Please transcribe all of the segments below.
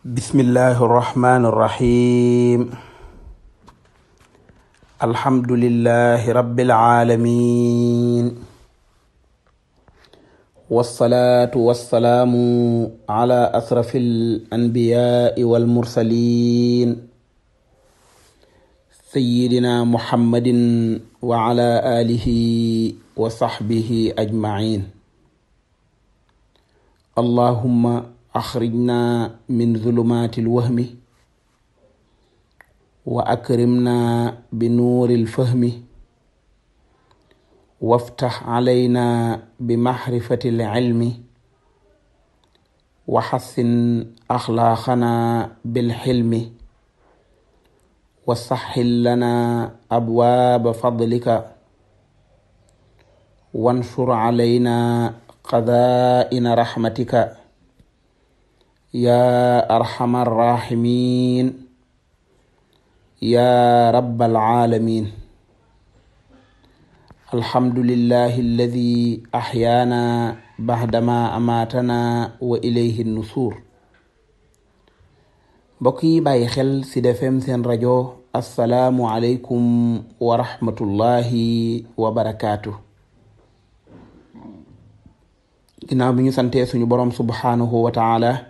bismillahi irrahmani irrahim alhamdulilahi rabiilalamin walsalaatu walsalaamu ala asrafi alanbiyaai walmursalin sayidina muhammadin wa ala alihi wa saxbihi ajmain allahumma axrijna min zulumaati lwahmi wa akrimna bi nuuri lfahmi waftax calayna bi maxrifati lcilmi wa xassin axlaaqana bilxilmi wa saxxil lana abwaaba fadlika wansur calayna qadaa'ina raxmatika yaa arxama arrahimin yaa rabb alalamin alhamdulillahi alladi axyaana baxdama amaatana wa ilayhi nusuur mbokk yi bàyyi xel ci Sud FM seen rajo assalaamu aleykum wa rahmatullahi wa barakaatu ginnaaw bi ñu santee suñu boroom subhaanahu wa taala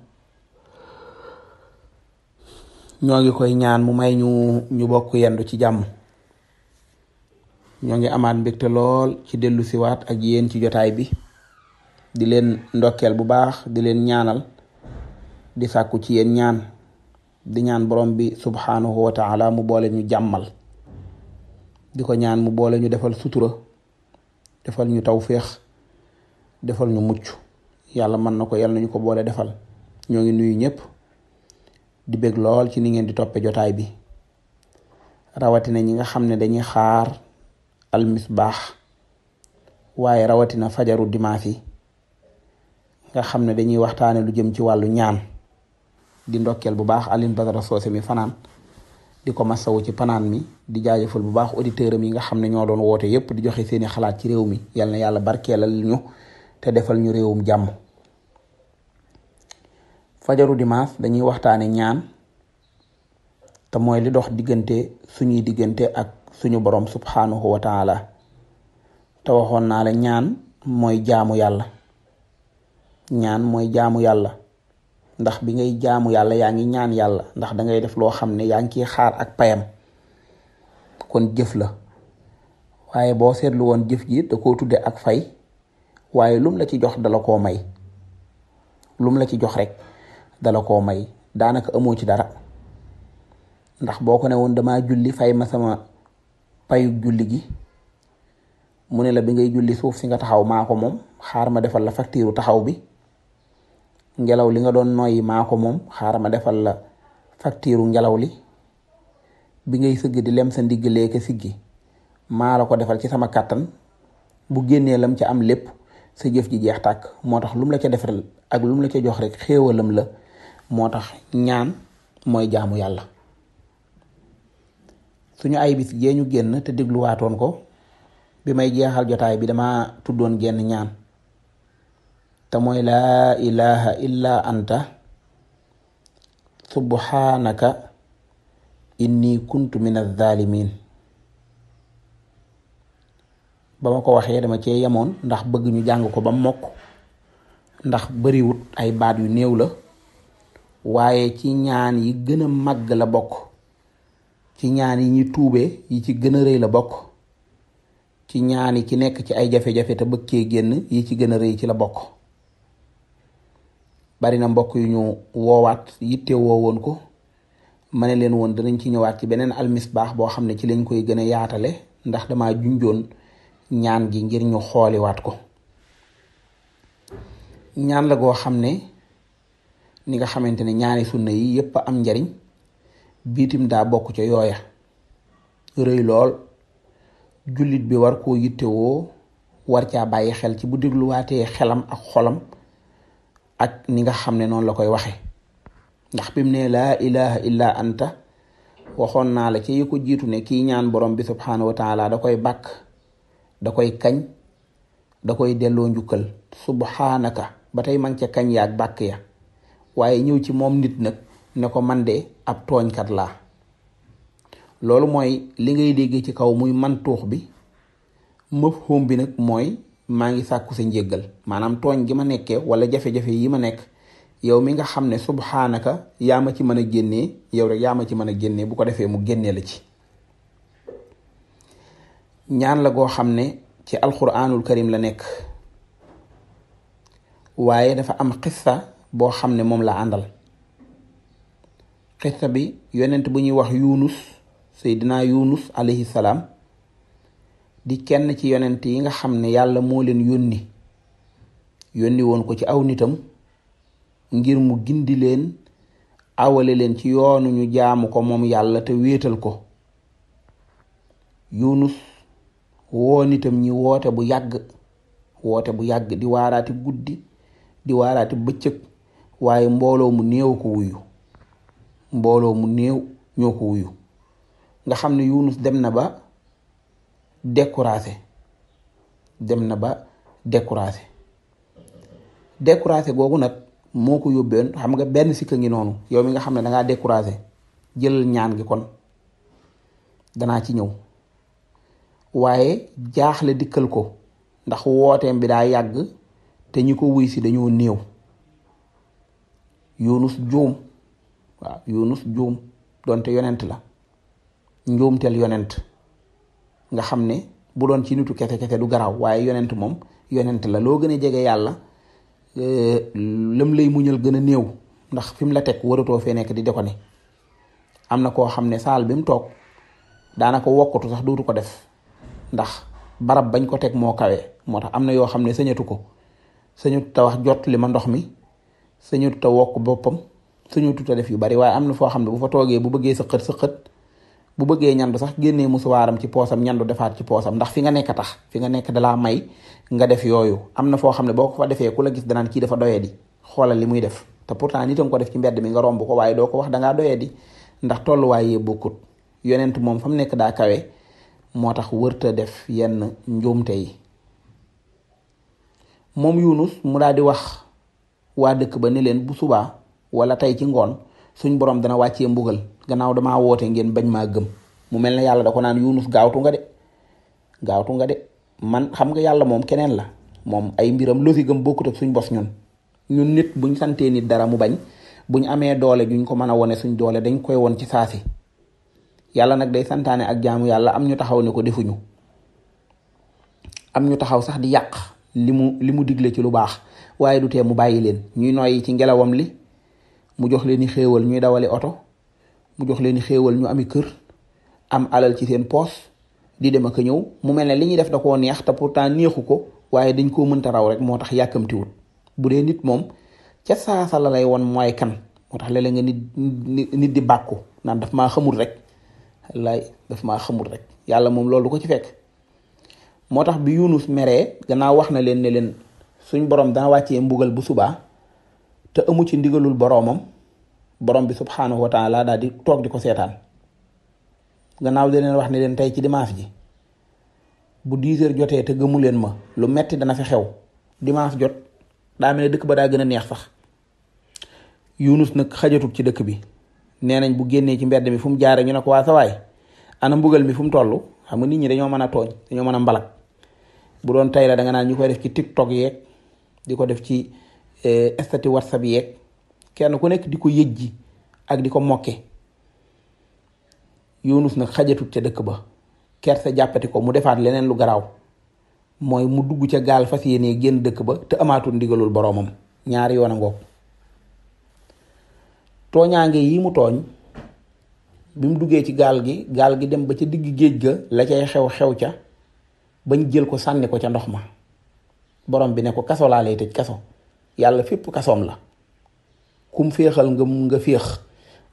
ñoo ngi koy ñaan mu may ñu ñu bokk yendu ci jàmm ñoo ngi amaat mbégte lool ci dellu siwaat ak yéen ci jotaay bi di leen ndokkeel bu baax di leen ñaanal di sàkku ci yéen ñaan di ñaan borom bi subhanahu wa mu boole ñu jàmmal di ko ñaan mu boole ñu defal sutura defal ñu tawféex defal ñu mucc yàlla mën na ko yalla nañu ko boole defal ñoo ngi nuyu ñëpp di bég lool ci ni ngeen di toppe jotaay bi rawatina ñi nga xam ne dañuy xaar baax waaye rawatina fajaru dimanche yi nga xam ne dañuy waxtaane lu jëm ci wàllu ñaan di ndokkeel bu baax Alioune Badara Socé mi fanaan di ko masawu ci panaan mi di jaajëfal bu baax auditeurs am yi nga xam ne ñoo doon woote yépp di joxe seeni xalaat ci réew mi yal na yàlla barkeelal ñu te defal ñu réewum jàmm fajaru dimanche dañuy waxtaane ñaan te mooy li dox diggante suñuy diggante ak suñu borom subhanahu wa te waxoon naa la ñaan mooy jaamu yàlla ñaan mooy jaamu yàlla ndax bi ngay jaamu yàlla yaa ngi ñaan yàlla ndax dangay def loo xam ne yaa ngi ciy xaar ak payam kon jëf la waaye boo seetlu woon jëf ji da ko tudde ak fay waaye lum la ci jox dala koo may lum la ci jox rek dala koo may daanaka amoo ci dara ndax boo ko ne woon julli fay ma sama payug julli gi mu ne la bi ngay julli suuf si nga taxaw maa ko moom xaar ma defal la facture taxaw bi ngelaw li nga doon noyyi maako moom xaar ma defal la facture ngelaw li bi ngay sëgg di lem sa ndigg leeke siggi maa la ko defal ci sama kàttan bu génnee lam ci am lépp sa jëf ji jeex tàkk moo tax lum la ca defal ak lum la ca jox rek xéewalam la moo tax ñaan mooy jaamu yàlla suñu ay bis yee ñu génn te dégluwaatoon ko bi may jeexal jotaay bi dama tuddoon génn ñaan te mooy laa ilaha illa anta subhanaka inni kuntu min azalimin ba ma ko waxee dama cee yemoon ndax bëgg ñu jàng ko ba mokk ndax bariwut ay baat yu néew la waaye ci ñaan yi gën a màgg la bokk ci ñaan yi ñi tuube yi ci gën a rëy la bokk ci ñaan yi ci nekk ci ay jafe-jafe te bëkkee génn yi ci gën a rëy ci la bokk bari na mbokk yu ñu woowaat yitte woo woon ko ma ne leen woon danañ ci ñëwaat ci beneen almisbaax boo xam ne ci lañ koy gën a yaatale ndax dama junjoon ñaan gi ngir ñu xooliwaat ko ñaan la goo xam ne ni nga xamante ne ñaari sunna yi yépp am njariñ biitim daa bokk ca yooya rëy lool jullit bi war koo yittewoo war caa bàyyi xel ci bu dégluwaatee xelam ak xolam ak ni nga xam ne noonu la koy waxe ndax bi mu ne laa ilaha illa anta waxoon naa la ci yi jiitu ne kii ñaan borom bi subhanahu wa taala da koy bàkk da koy kañ da koy delloo njukkal subhanaka ba tey ma ca kañ yaag bàkk ya waaye ñëw ci moom nit nag ne ko man de ab tooñkat laa loolu mooy li ngay dégg ci kaw muy man tuux bi mafhum bi nag mooy maa ngi sàkku sa njéggal maanaam tooñ gi ma nekkee wala jafe-jafe yi ma nekk yow mi nga xam ne subhaanaka yaa ma ci mën a génnee yow rek yaa ma ci mën a génnee bu ko defee mu génnee la ci ñaan la goo xam ne ci alquranul karim la nekk waaye dafa am xissa boo xam ne moom la àndal xissa bi yonent bu ñuy wax yunus seydina yunus alayhi salaam di kenn ci yonent yi nga xam ne yàlla moo leen yónni yónni woon ko ci aw nitam ngir mu gindi leen awale leen ci yoonu ñu jaamu ko moom yàlla te wéetal ko yunus woo nitam ñi woote bu yàgg woote bu yàgg di waaraati guddi di waaraati bëccëg waaye mbooloo mu néew ko wuyu mbooloo mu néew ñoo ko wuyu nga xam ne Yunus dem na ba découragé dem na ba découragé découragé googu nag moo ko yóbbeen xam nga benn sikka ngi noonu yow mi nga xam ne dangaa découragé jëlal ñaan gi kon danaa ci ñëw waaye jaaxle dikkal ko ndax wooteem bi daa yàgg te ñu ko wuy si dañoo néew yunus juum waaw yunus juum donte yonent la njuumteel yonent nga xam ne bu doon ci nitu kete du garaaw waaye yonent moom yonent la loo gën a jege yàlla euh, lam lay muñal gën a néew ndax fi mu la teg waratoo fee nekk di de ne am na koo xam ne saal bi mu toog daanaka wokkatu sax dootu ko def ndax barab bañ ko teg moo kawe moo tax am na yoo xam ne sañatu ko sañatu ta wax jot li ndox mi sañu tuta wokk boppam sañu tuta def yu bari waaye am na foo xam ne bu fa toogee bu bëggee sa xët sa xët bu bëggee ñandu sax génnee musuwaaram ci poosam ñandu defaat ci poosam ndax fi nga nekk tax fi nga nekk dalaa may nga def yooyu am na foo xam ne boo ko fa defee ku la gis danaan kii dafa doyee di xoolal li muy def te pourtant nit a ko def ci mbedd mi nga romb ko waaye doo ko wax dangaa doyee di ndax tolluwaay yee bokkut yonent moom fa mu nekk daa kawe moo tax wërta def yenn njuumte yi moom Yunus waa dëkk ba ne leen bu subaa wala tey ci ngoon suñ borom dana wàccee mbugal gannaaw damaa woote ngeen bañ maa gëm mu mel ne yàlla da ko naan yunus gaawtu nga de gaawtu nga de man xam nga yàlla moom keneen la moom ay mbiram losi gëm bokkut ak suñ bos ñun ñun nit buñ santee nit dara mu bañ buñ amee doole juñ ko mën a wone suñ doole dañ koy won ci saasi yàlla nag day santaane ak jaamu yàlla am ñu taxaw ne ko defuñu am ñu taxaw sax di yàq li mu li mu digle ci lu baax waaye du tee mu bàyyi leen ñuy noyyi ci ngelawam li mu jox leen i xéewal ñuy dawali oto mu jox leen i xéewal ñu ami kër am alal ci seen poos di dem ak a ñëw mu mel ne li ñuy def da ko neex te pourtant neexu ko waaye dañ koo mënta raw rek moo tax yàkkamtiwul bu dee nit moom ca saasa la lay won mooy kan moo tax léeg nga nit nit di bàkku naan daf maa xamul rek lay daf maa xamul rek yàlla moom loolu ko ci fekk moo tax bi Yunus meree gannaaw wax na leen ne leen suñ borom dana wàccee mbugal bu subaa te amu ci ndigalul boroomam borom bi subhaanahu wa taala daal di toog di ko seetaan gannaaw di wax ne leen tey ci dimanche ji bu 10 heures jotee te gëmu leen ma lu metti dana fi xew dimanche jot daa mel ne dëkk ba daa gën a neex sax Yunus nag xajatul ci dëkk bi nee nañ bu génnee ci mbedd mi fu mu jaaree ñu ne ko waa sa waay ana mbugal mi fu mu toll xam nga nit ñi dañoo mën a tooñ dañoo mën a mbalak bu doon tey la danga nga naan ñu koy def ci tiktok yeeg di ko def ci estati eh, whatsapp yeeg kenn ku nekk di ko ji ak di ko mokke Yunus nag xajatut ca dëkk ba kersa jàppati ko mu defaat leneen lu garaaw mooy mu dugg ca gaal fas yéenee génn dëkk ba te amaatul ndigalul boroomam ñaari yoona a ngoog tooñaange yi mu tooñ bi mu duggee ci gaal gi gaal gi dem ba ca digg géej ga la cay xew xew ca bañ jël ko sànni ko ca ndox ma borom bi ne ko kaso laa lay tëj kaso yàlla fépp kasoom la kum féexal nga nga féex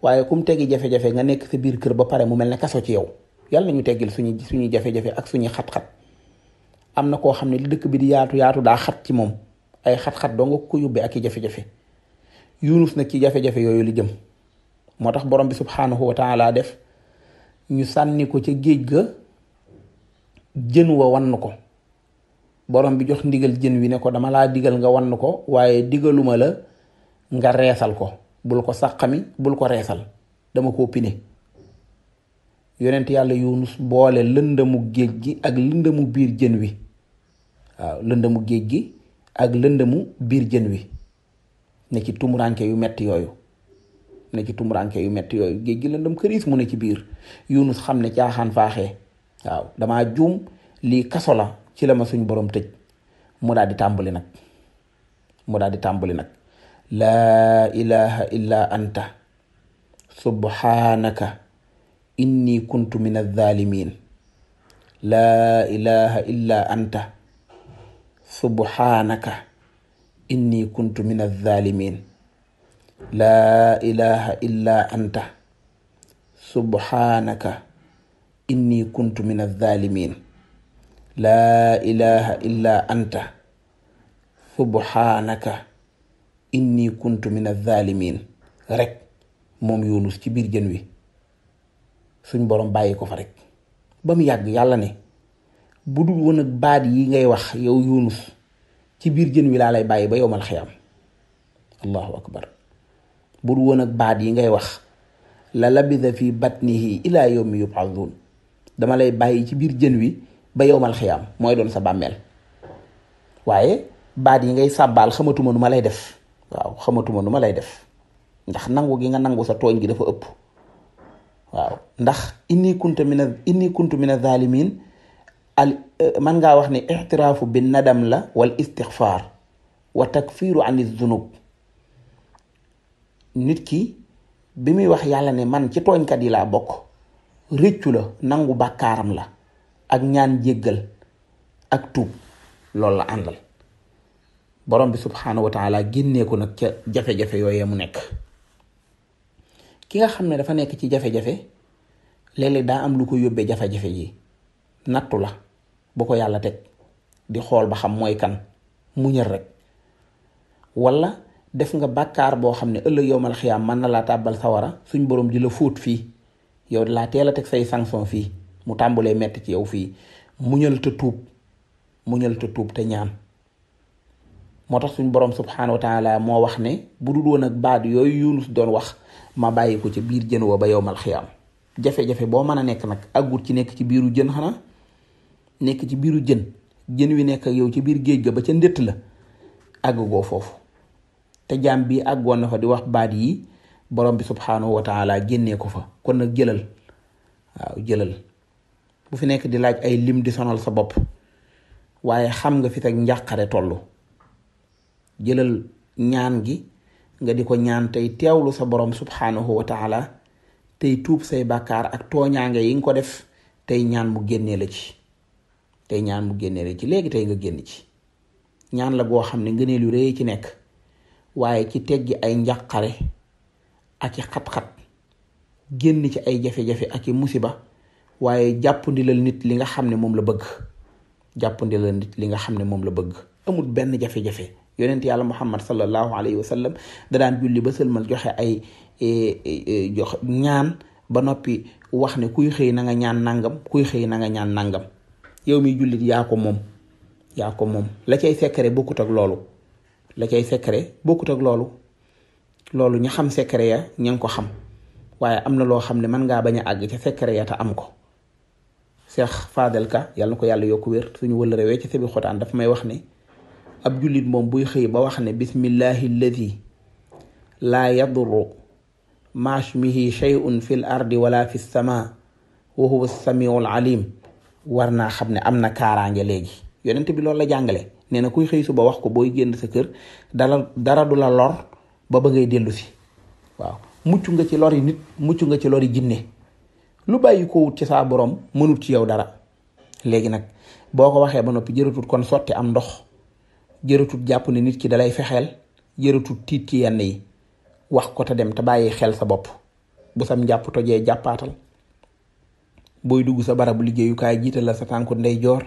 waaye kum tegi jafe-jafe nga nekk sa biir kër ba pare mu mel ne kaso ci yow yàlla ñu teggil suñu suñuy jafe ak suñuy xat-xat am na koo xam ne li dëkk bi di yaatu yaatu daa xat ci moom ay xat-xat doo nga ko yóbbee ak i jafe-jafe yunus nag ci jafe-jafe yooyu li jëm moo tax borom bi subhaanahu wa taala def ñu sànni ko ca géej ga jën wa wann ko borom bi jox ndigal jën wi ne ko dama laa digal nga wann ko waaye digaluma la nga reesal ko bul ko saqami bul ko reesal dama ko pine yonent yàlla yunus boole lëndamu géej gi ak lëndamu biir jën wi waaw géej gi ak lëndamu biir jën wi ne ci tumuranke yu metti yooyu ne ci tumuranke yu metti yooyu géej gi lëndam këriis mu ne ci biir yunus xam ne caaxaan faaxee waaw jum juum lii kaso la ci la ma suñ borom tëj mu daal di tàmbali nag mu daal tàmbali nag laa ilaha illa anta subhanaka inni kuntu min alzalimin laa ilaha illa anta subhanaka inni kuntu min alzalimin laa ilaha illa anta subhanaka inni kuntu min alzalimin laa ilaha illa anta subhanaka inni kuntu min alzalimin rek moom Yunus ci biir jën wi suñ borom bàyyi ko fa rek ba mu yàgg yàlla ne bu dul woon baat yi ngay wax yow Yunus ci biir jën wi laa lay bàyyi ba yowmal xiyaam allahu akbar bu dul woon baat yi ngay wax la labitha fi batnihi ila yawmi yub'athun dama lay bàyyi ci biir jën wi ba yowmal xiyaam mooy doon sa bàmmeel waaye baat yi ngay sàbbaal xamatuma nu ma lay def waaw xamatuma ma lay def ndax nangu gi nga nangu sa tooñ gi dafa ëpp waaw ndax inni kuntu mina inni kuntu mina zalimin al eh, man ngaa wax ne ixtiraafu bi nadam la wal istixfaar wa takfiru ani zunub nit ki bi muy wax yàlla ne man ci tooñkat yi laa bokk rëccu la nangu bàkkaaram la ak ñaan jéggal ak tuub loolu la àndal borom bi subxanahu wa taala génnee nag ca jafe-jafe yooyee mu nekk ki nga xam ne dafa nekk ci jafe-jafe léeg-léeg daa am lu ko yóbbee jafe-jafe yi nattu la bu ko yàlla teg di xool ba xam mooy kan muñal rek walla def nga bàkkaar boo xam ne ëllëg yowmal xiyaam mën na laa tàbbal sawara suñ borom di la fóot fii. yow laa teel a teg say sanction fii mu tàmbalee metti ci yow fii muñal te tuub muñal te te ñaan moo tax suñ borom subhanahu wa moo wax ne bu woon ak baat yooyu yunus doon wax ma bàyyi ko ci biir jën wa ba yowmal xiyaam jafe-jafe boo mën a nekk nag aggut ci nekk ci biiru jën xanaa nekk ci biiru jën jën wi nekk ak yow ci biir géej ga ba ca ndett la àgg goo foofu te jaam bi àggoon na fa di wax baat yi borom bi subhanahu wa taala génnee ko fa kon nag jëlal waaw jëlal bu fi nekk di laaj ay lim di sonal sa bopp waaye xam nga fi teg njàqare tollu jëlal ñaan gi nga di ko ñaan tey teewlu sa borom subhanahu wa taala tey tuub say bàkkaar ak tooñaange yi nga ko def tey ñaan mu génnee la ci tey ñaan mu génnee la ci léegi tey nga génn ci ñaan la goo xam ne ngëneel yu ci nekk waaye ci teggi ay njàqare ak i xat-xat génn ci ay jafe-jafe ak i musiba waaye jàppandilal nit li nga xam ne moom la bëgg jàppandilal nit li nga xam ne moom la bëgg amul benn jafe-jafe yonent yàlla muhammad sallallahu alayhi wa sallam da daan julli ba sëlmal joxe ay e, e, e, jox ñaan ba noppi wax ne kuy xëy nanga ñaan nangam kuy xëy nanga ñaan nangam yow mi jullit yaa ko moom yaa ko moom la cay secret bokkut ak loolu la cay secret bokkut ak loolu loolu ña xam secret ya ña ngi ko xam waaye am na loo xam ne man ngaa bañ a àgg ca secret ya te am ko Cheikh Fadel Ka yàlla na ko yàlla yokku wér suñu wëlëree wee ci sebi xotaan dafa may wax ne ab jullit moom buy xëy ba wax ne bismillahi lladi la yadurru maa ismihi shay'un fil ardi wala fi sama wa huwa alim war naa xam ne am na kaaraange léegi yonent bi lool la jàngale nee na kuy xëy suba wax ko booy génn sa kër dara dara lor ba bëggee ngay dellu si waaw mucc nga ci lori nit mucc nga ci lori jinne lu bàyyi ko wut ci saa borom mënut ci yow dara léegi nag boo ko waxee ba noppi jëratut kon sotti am ndox jëratut jàpp ne nit ki dalay fexeel jëratut tiit ci yenn yi wax ko te dem te bàyyi xel sa bopp bu sam njàpp tojee jàppaatal booy dugg sa barabu liggéeyukaay jiital la sa tànku ndeyjoor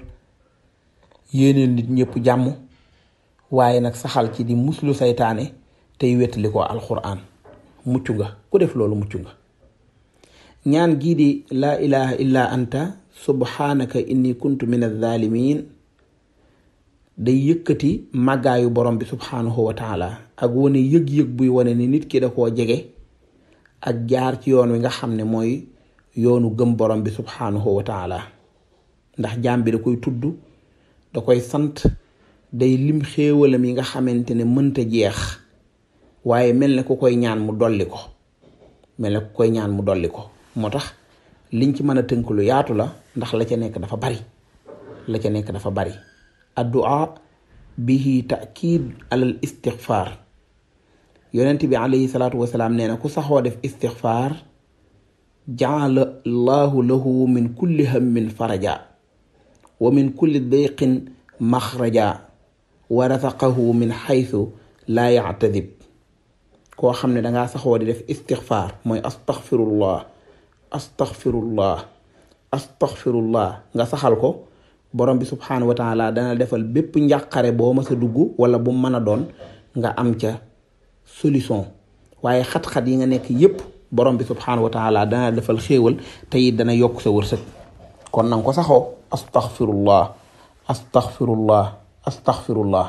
yéeneel nit ñëpp jàmm waaye nag saxal ci di muslu seytaane tey wétali ko alquran mucc nga ku def loolu mucc nga ñaan gii di laa ilaha illa anta subhanaka inni kuntu min alzalimin day yëkkati màggaayu borom bi subhanahu wa taala yëg-yëg buy wone ni nit ki da koo jege ak jaar ci yoon wi nga xam ne mooy yoonu gëm borom bi subhanahu wa ndax jàmbi bi da koy tudd da koy sant day lim xéewalam mi nga xamante ne mënta jeex waaye mel na ku koy ñaan mu dolli ko mel na ku koy ñaan mu dolli ko moo tax liñ ci mën a tënk lu yaatu la ndax la ca nekk dafa bari la ca nekk dafa bari addua bihi takiid alal istixfaar yonent bi alayhi salaatu wasalaam nee na ku saxoo def istixfaar jaala llahu lahu min kulli hammin faraja wa min kulli dayqin maxraja wa razaqahu min xaytu laa yactadib koo xam ne dangaa saxoo di def istixfaar mooy astaxfirullah astaxfirullah astaxfirullah nga saxal ko borom bi subxanahu wa taala dana defal bépp njàqare boo mës a dugg wala bu mën a doon nga am ca solution waaye xat-xat yi nga nekk yépp borom bi subxanahu wa taala dana defal xéewal te it dana yokk sa wërsëg kon nanga ko saxoo astaxfirullah astaxfirullah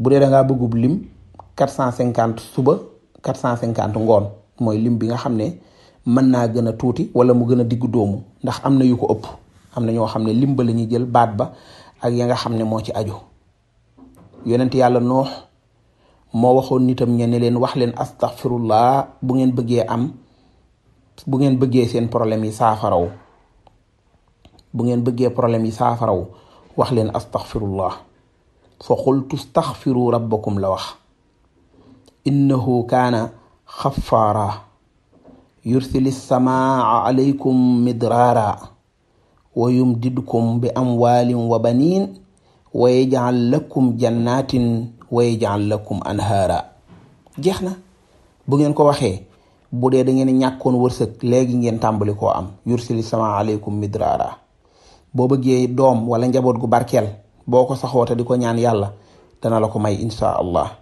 bu dee dangaa bëggub lim. quatre cent cinquante suba quatre cent cinquante ngoon mooy lim bi nga xam ne mën naa gën a tuuti wala mu gën a diggu doomu ndax am na yu ko ëpp am na ñoo xam ne lim ba la ñuy jël baat ba ak ya nga xam ne moo ci aju yonent yàlla noox moo waxoon nitam ñe ne leen wax leen astaghfirullah bu ngeen bëggee am bu ngeen bëggee seen problème yi saafaraw bu ngeen bëggee problème yi saafaraw wax leen astaghfirullah fa qultu astaghfiru rabbakum la wax innahu kaana xafaara yursili samaa alaykum midraara wa yumdidkum bi amwaalin wa baniin wa yaj'al lakum jannatin wa yaj'al lakum jeex na bu ngeen ko waxee bu dee da ngeen ñàkkoon wërsëg léegi ngeen tàmbali koo am yursili samaa alaykum midraara boo bëggee doom wala njaboot gu barkeel boo ko saxoota di ko ñaan yàlla dana la ko may insha allah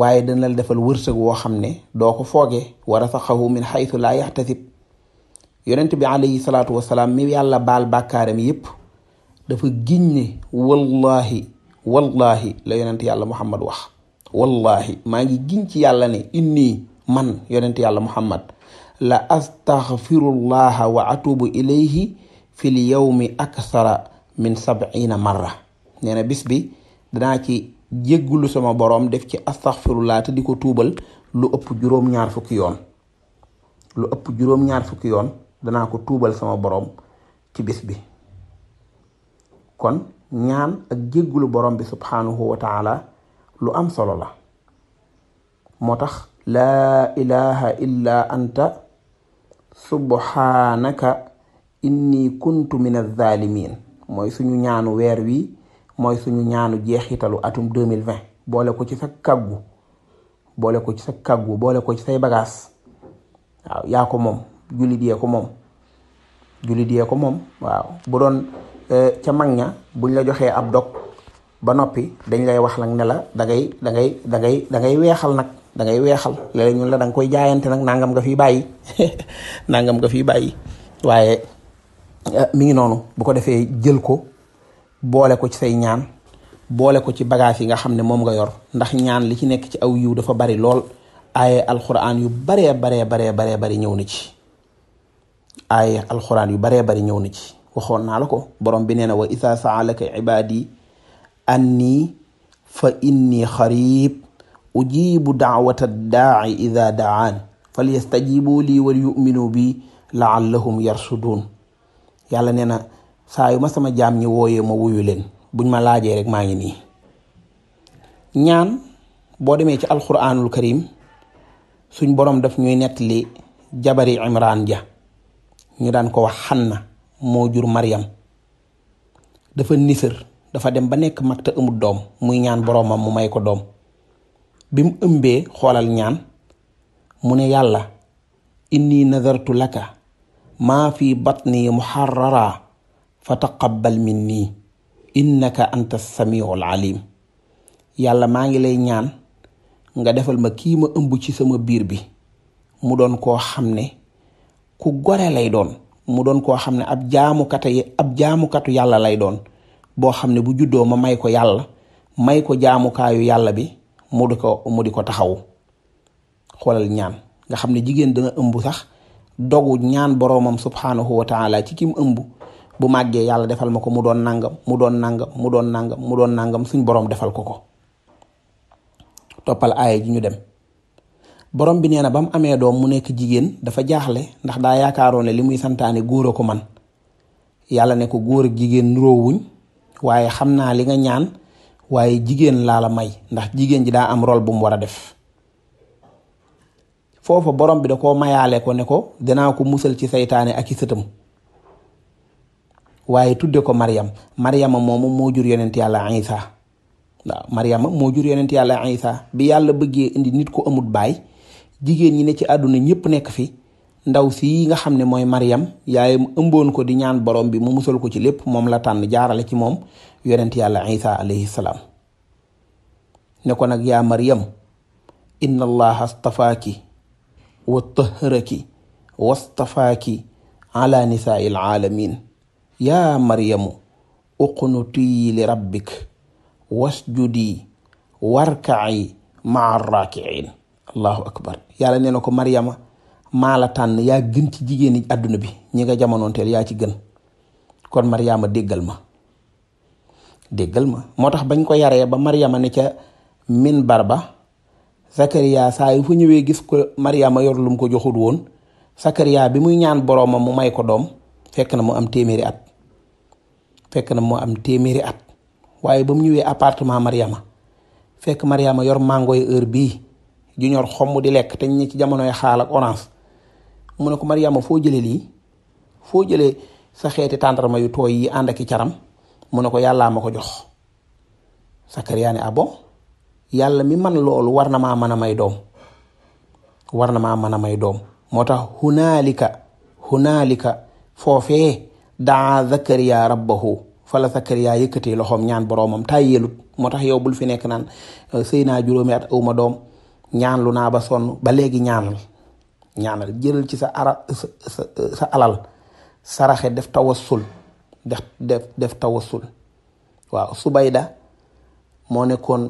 waaye dana la defal wërsëg woo xam ne doo ko fooge wa rasaxahu min xaytu laa yaxtasib yonent bi alayhi salaatu wasalaam mi yàlla baal bàkkaaram yépp dafa giñ ne wallaahi la yonent yàlla muhammad wax wallaahi maa ngi giñ ci yàlla ne inni man yonent yàlla muhammad la astaxfirullaha wa atubu ilayhi fil yawmi aksara min sabina marra nee na bis jéggulu sama boroom def ci astaxfirullah te di ko tuubal lu ëpp juróom-ñaar fukki yoon lu ëpp juróom fukki yoon danaa ko tuubal sama boroom ci bis bi kon ñaan ak jéggulu boroom bi subhaanahu wa lu am solo la moo tax laa ilaha illa anta subhaanaka inni kuntu min az mooy suñu ñaanu weer wi mooy suñu ñaanu jeexitalu atum 2020 boole ko ci sa kàggu boole ko ci sa kàggu boole ko ci say bagaas yaako moom jullit yee ko moom jullit yee ko moom waaw bu doon eh, ca mag ña buñ la joxee ab dog ba noppi dañ lay wax nag ne la dangay dangay da ngay weexal nag dangay weexal léeg ñun la danga koy jaayante nag nangam nga fi bàyyi nangam nga fi bàyyi waaye eh, mi ngi noonu bu ko defee jël ko boole ko ci say ñaan boole ko ci bagage yi nga xam ne moom nga yor ndax ñaan li ci nekk ci aw yiw dafa bari lool ay alxuraan yu baree baree baree baree bari ñëw na ci ay alxuraan yu baree bari ñëw na ci waxoon naa la ko borom bi nee na wa isa saalaka ibaadi anni fa inni xarib ujibu daawata daai ida daan falyastajibu lii wal yuminu bi laallahum yarsudun yàlla nee na saa yu ma sama jaam ñi wooyee ma wuyu leen buñ ma laajee rek maa ngi nii ñaan boo demee ci alquranul karim suñ boroom dafa ñuy nettali jabari imran ja ñu daan ko wax na moo jur mariyam dafa nisër dafa dem ba nekk mag te amul doom muy ñaan boromam mu may ko doom bi mu ëmbee xoolal ñaan mu ne yàlla indi inni nazartu laka maa fi batni muharrara fa taqabbal minni innaka anta samiul alim yàlla maa ngi lay ñaan nga defal ma kii ma ëmb ci sama biir bi mu doon koo xam ne ku gore lay doon mu doon koo xam ne ab jaamukata ab jaamukatu yàlla lay doon boo xam ne bu juddoo ma may ko yàlla may ko jaamukaayu yàlla bi mu di ko di ko taxawu xoolal ñaan nga xam ne jigéen dana ëmb sax dogu ñaan boroomam subhaanahu wa taala ci kim ëmb bu màggee yàlla defal ma ko mu doon nangam mu doon nangam mu doon nangam mu doon nangam suñ borom defal ko ko toppal aaya ji ñu dem borom bi nee na ba mu amee doom mu nekk jigéen dafa jaaxle ndax daa yaakaaroon ne li muy santaane góor ko man yàlla ne ko góor ak jigéen nuroowuñ waaye xam naa li nga ñaan waaye jigéen laa la may ndax jigéen ji daa am rol bu mu war a def foofa borom bi da koo mayaale ko ne ko danaa ko musal ci saytaane ak i sëtam waaye tudde ko Maryam Maryama moomu moo jur yonent yàlla Isa waaw Maryama moo jur yonent yàlla bi yàlla bëggee indi nit ko amut baay jigéen ñi ne ci àdduna ñëpp nekk fi ndaw si nga xam ne mooy mariyam yaayam ëmboon ko di ñaan boroom bi mu musal ko ci lépp moom la tànn jaarale ci moom yonent yàlla Isa alayhi salaam ne ko nag yaa Maryam inna allaha astafaaki wa tahharaki wastafaaki ala nisaa'il aalamiin yaa maryamu uqnutii li rabbik wasjudi warkaci maa raakiin allahu akbar yàlla nee na ko maryama maa la tànn yaa gën ci jigéen ñi àdduna bi ñi nga jamonoonteel yaa ci gën kon maryama déggal ma déggal ma moo tax bañ ko yaree ba maryama ne ca min barba Sakariya saa yu fa ñëwee gis ko maryama yor lu ko joxul woon Sakariya bi muy ñaan boroomam mu may ko doom fekk na mu am téeméeri at fekk na moo am téeméeri at waaye ba mu ñëwee appartement Mariama fekk Mariama yor mango yi heure bii ju ñor xomm di lekk te ñi ci jamonoy xaal ak orange mu ne ko Mariama foo jëlee lii foo jëlee sa xeeti tàndarma yu tooy yi ànd ak i caram mu ne ko yàllaa ma ko jox Sakariya ne abo ah yàlla mi man loolu war na maa mën a may doom war na maa mën a may doom moo tax hunaalika hunaalika foofee daa zakariya rabbahu fala zakariya yëkkatee loxoom ñaan boroomam tàyyeelut moo tax yow bul fi nekk naan euh, sëy naa juróomi at awma doom ñaanlu naa ba sonn ba léegi ñaanal ñaanal jëlal ci sa ara alal saraxe def tawassul def def def tawassul waaw subayda moo nekkoon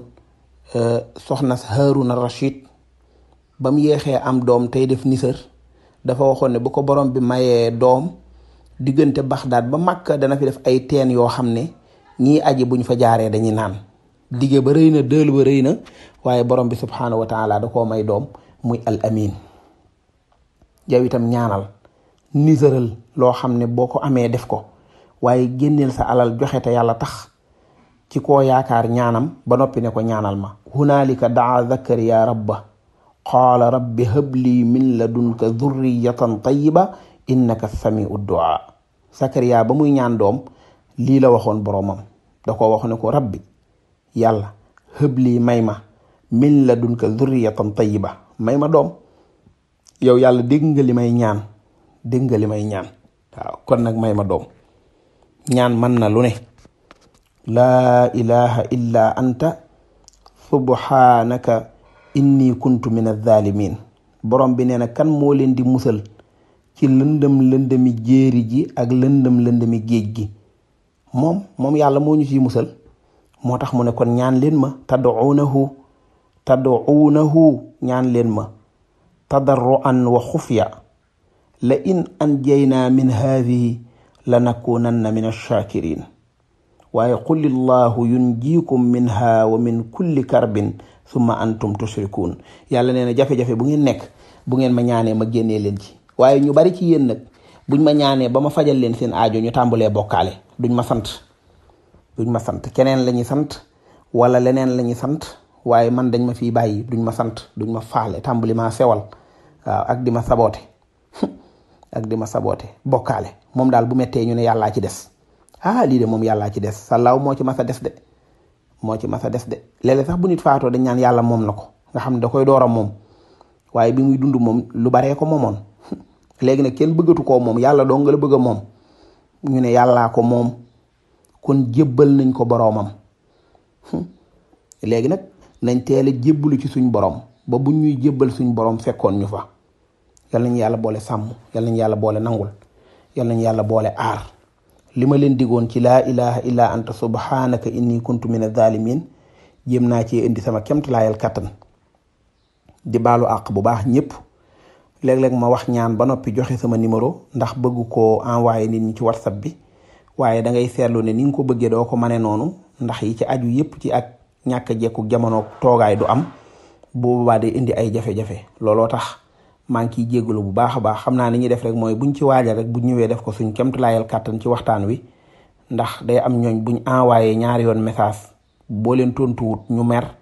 euh, soxna Haaruna Rachid ba mu yéexee am doom tey def nisër dafa waxoon ne bu ko borom bi mayee doom diggante Baxdaad ba Makka dana fi def ay teen yoo xam ne ñii aji buñ fa jaaree dañuy naan dige ba rëy na dël ba rëy na waaye borom bi subhaanahu wa taala da koo may doom muy al amin yow ñaanal niseral loo xam ne boo ko amee def ko waaye génneel sa alal joxe te yàlla tax ci ko yaakaar ñaanam ba noppi ne ko ñaanal ma hunaalika daa zakariya rabba qaala rabbi habli min ladunka dhurriyatan tayyiba innaka samiu duaa Sakariya ba muy ñaan doom lii la waxoon boroomam da ko wax ne ko rabbi yàlla hëblii may ma min la dun ka zurriyatan tayyiba may ma doom yow yàlla dégg nga li may ñaan dégg nga li may ñaan waaw kon nag may ma doom ñaan man na lu ne laa illa anta subhanaka inni kuntu min azalimin borom bi nee na kan moo leen di musal ci lëndëm lëndëmi jéeri ji ak lëndëm lëndëmi géej gi moom moom yàlla moo ñu ciy musal moo tax mu ne kon ñaan leen ma tad'uunahu tad'uunahu ñaan leen ma tadarruan wa xufya la in anjaynaa min haadihi lanakuunanna min ash-shaakirin waaye qul illahu yunjiikum minha wa min kulli karbin summa antum tushrikuun yàlla nee na jafe-jafe bu ngeen nekk bu ngeen ma ñaanee ma génnee leen ci waaye ñu bari ci yéen nag buñ ma ñaanee ba ma fajal leen seen aajo ñu tàmbulee bokkaale duñ ma sant duñ ma sant keneen la sant wala leneen la sant waaye man dañ ma fiy bàyyi duñ ma sant duñ ma faale tàmbali sewal waaw ak di ma saboote ak di ma saboote bokkaale moom daal bu mettee ñu ne yàllaa ci des ah lii de moom yàllaa ci des sallaaw moo ci mas a des de moo ci mas a des de léeg sax bu nit faatoo dañ ñaan yàlla moom na ko nga xam ne da koy door a moom waaye bi muy dund moom lu baree ko moomoon léegi nag kenn bëggatu koo moom yàlla doo nga la bëgg moom ñu ne yàllaa ko moom kon jébbal nañ ko boroomam hmm. léegi nag nañ teel a jébbalu ci suñ borom ba bu ñuy jëbbal suñ borom fekkoon ñu fa yal nañ yàlla boole sàmm yal yàlla boole nangul yal nañ yàlla boole aar li ma leen digoon ci laa ilaha illa anta subhanaka inni kuntu mina zalimin jéem naa ci indi sama kemtalaayal kattan di baalu àq bu baax ñëpp léeg-léeg ma wax ñaan ba noppi joxe sama numéro ndax bëggu ko envoyé nit ñi ci whatsapp bi waaye da ngay seetlu ne ni nga ko bëggee doo ko mane noonu ndax yi ci aju yëpp ci ak ñàkk jekku jamono toogaay du am boobaa day indi ay jafe looloo tax maa ngi ciy jégalu bu baax a baax xam naa ni ñuy def rek mooy buñ ci waajal rek bu ñëwee def ko suñ kemtulaayal kàttan ci waxtaan wi ndax day am ñooñ buñ envoyé ñaari yoon message boo leen tontuwut ñu mer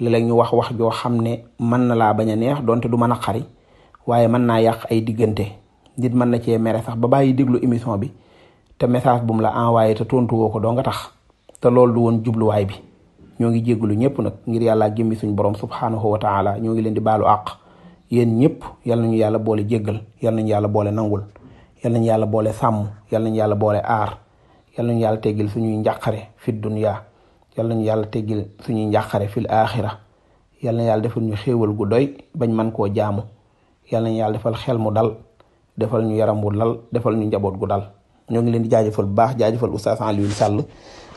léeg ñu wax wax joo xam ne mën na laa bañ a neex donte du mën a xari waaye mën naa yàq ay diggante nit mën na cee mere sax ba bàyyi déglu émission bi te message bu mu la envoyé te tontu woo ko doo nga tax te lool du woon jubluwaay bi ñoo ngi jéggalu ñëpp nag ngir yàlla gémmi suñu borom subhanahu wa taala ñoo ngi leen di baalu àq yéen ñëpp yal nañu yàlla boole jéggal yal yàlla boole nangul yal nañu yàlla boole sàmm yal yàlla boole aar yal nañu yàlla teggil suñuy njàqare fi dunya yal nañu yàlla teggil suñuy njàqare fil axira yal na yàlla defal ñu xéewal gu doy bañ man koo jaamu yàlla nañu yàlla defal xel mu dal defal ñu yaram wu dal defal ñu njaboot gu dal ñoo ngi leen di jaajëfal bu baax jaajëfal oustaz Alioune Sall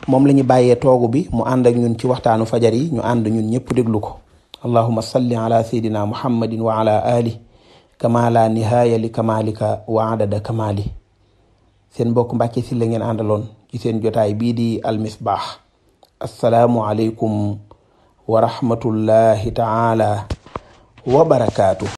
moom la ñu bàyyee toogu bi mu ànd ak ñun ci waxtaanu fajar yi ñu ànd ñun ñëpp déglu ko allahuma salli ala sayidina muhammadin wa ala ali kama la nihaaya li kamalika wa adada kamali seen mbokk Mbàkke si ngeen àndaloon ci seen jotaay bii di almisbaax assalaamu aleykum wa rahmatullahi taala wa barakaatu